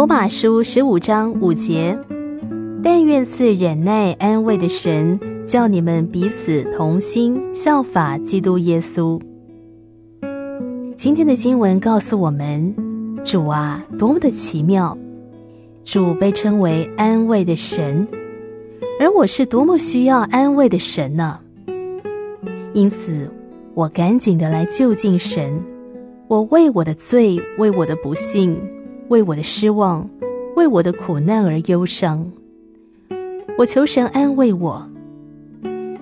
羅馬書十五章五節，但願賜忍耐、安慰的神，叫你們彼此同心，效法基督耶穌。今天的經文告訴我們，主啊，多麼的奇妙！主被稱為安慰的神，而我是多麼需要安慰的神呢、啊？因此，我趕緊的來就近神，我為我的罪，為我的不幸。為我的失望，為我的苦難而憂傷。我求神安慰我。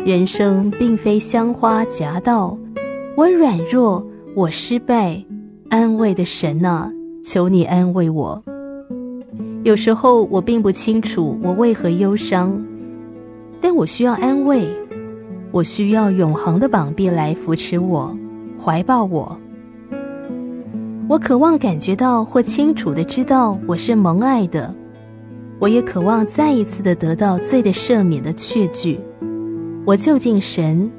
人生並非香花夾道，我軟弱，我失敗。安慰的神啊，求你安慰我。有時候我並不清楚我為何憂傷，但我需要安慰，我需要永恆的膀臂來扶持我，懷抱我。我渴望感覺到或清楚的知道我是蒙愛的，我也渴望再一次的得到罪的赦免的確據。我就近神，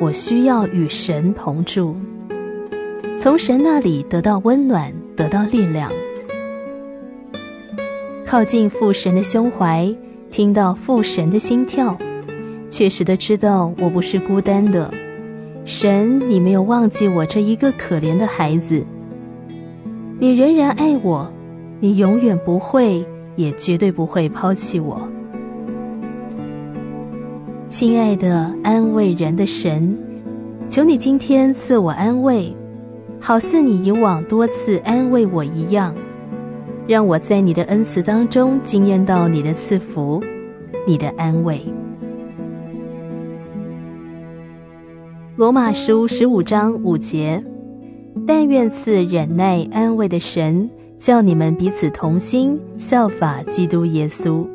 我需要與神同住，從神那裡得到溫暖，得到力量，靠近父神的胸懷，聽到父神的心跳，確實的知道我不是孤單的。神，你沒有忘記我這一個可憐的孩子。你仍然愛我，你永遠不會，也絕對不會拋棄我，親愛的安慰人的神，求你今天賜我安慰，好似你以往多次安慰我一樣，讓我在你的恩賜當中經驗到你的賜福，你的安慰。羅馬書十五章五節。但願賜忍耐、安慰的神，叫你們彼此同心，效法基督耶穌。